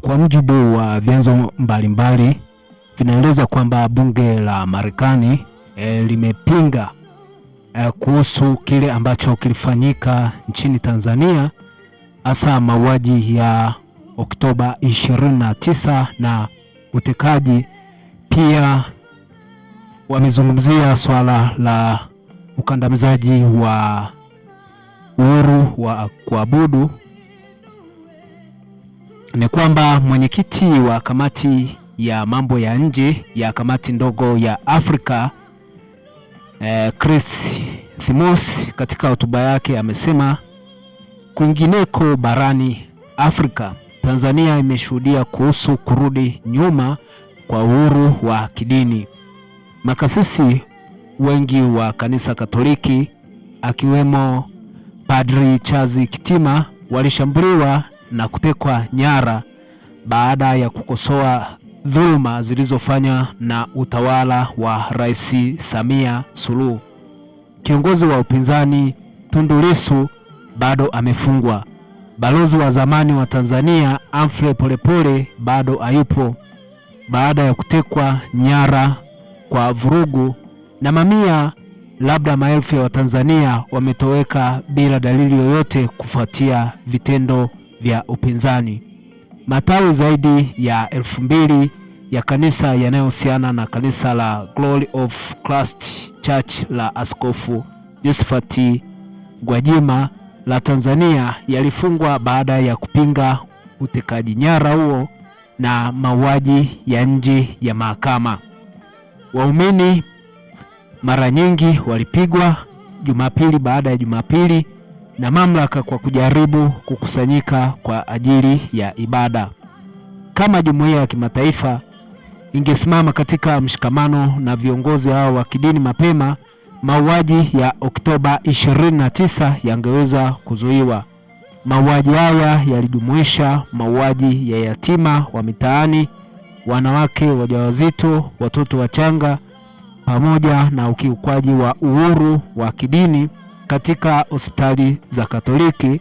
Kwa mujibu wa vyanzo mbalimbali vinaeleza kwamba bunge la Marekani e, limepinga e, kuhusu kile ambacho kilifanyika nchini Tanzania hasa mauaji ya Oktoba 29 na utekaji. Pia wamezungumzia swala la ukandamizaji wa uhuru wa kuabudu ni kwamba mwenyekiti wa kamati ya mambo ya nje ya kamati ndogo ya Afrika eh, Chris Thimos katika hotuba yake amesema kwingineko barani Afrika Tanzania imeshuhudia kuhusu kurudi nyuma kwa uhuru wa kidini. Makasisi wengi wa kanisa Katoliki akiwemo Padri chazi Kitima walishambuliwa na kutekwa nyara baada ya kukosoa dhuluma zilizofanywa na utawala wa Rais Samia Suluhu. Kiongozi wa upinzani Tundu Lissu bado amefungwa. Balozi wa zamani wa Tanzania Humphrey Polepole bado hayupo baada ya kutekwa nyara kwa vurugu, na mamia labda maelfu ya Watanzania wametoweka bila dalili yoyote kufuatia vitendo vya upinzani. Matawi zaidi ya elfu mbili ya kanisa yanayohusiana na kanisa la Glory of Christ Church la Askofu Josephat Gwajima la Tanzania yalifungwa baada ya kupinga utekaji nyara huo na mauaji ya nje ya mahakama. Waumini mara nyingi walipigwa Jumapili baada ya Jumapili na mamlaka kwa kujaribu kukusanyika kwa ajili ya ibada. Kama jumuiya ya kimataifa ingesimama katika mshikamano na viongozi hao wa kidini mapema, mauaji ya Oktoba 29 yangeweza kuzuiwa. Mauaji haya yalijumuisha mauaji ya yatima wa mitaani, wanawake wajawazito, watoto wachanga, pamoja na ukiukwaji wa uhuru wa kidini katika hospitali za Katoliki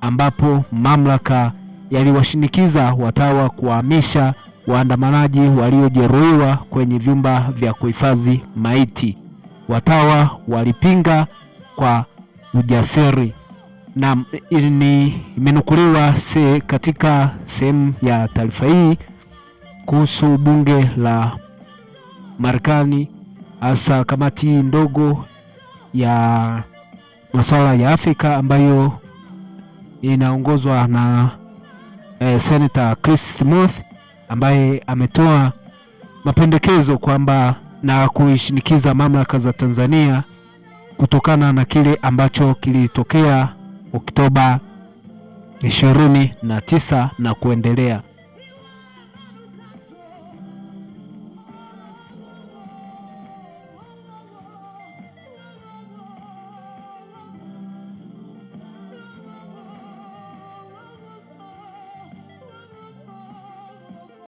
ambapo mamlaka yaliwashinikiza watawa kuwahamisha waandamanaji waliojeruhiwa kwenye vyumba vya kuhifadhi maiti. Watawa walipinga kwa ujasiri na ni imenukuliwa se katika sehemu ya taarifa hii kuhusu bunge la Marekani, hasa kamati hii ndogo ya masuala ya Afrika ambayo inaongozwa na eh, Senator Chris Smith ambaye ametoa mapendekezo kwamba na kuishinikiza mamlaka za Tanzania kutokana na kile ambacho kilitokea Oktoba 29 na kuendelea.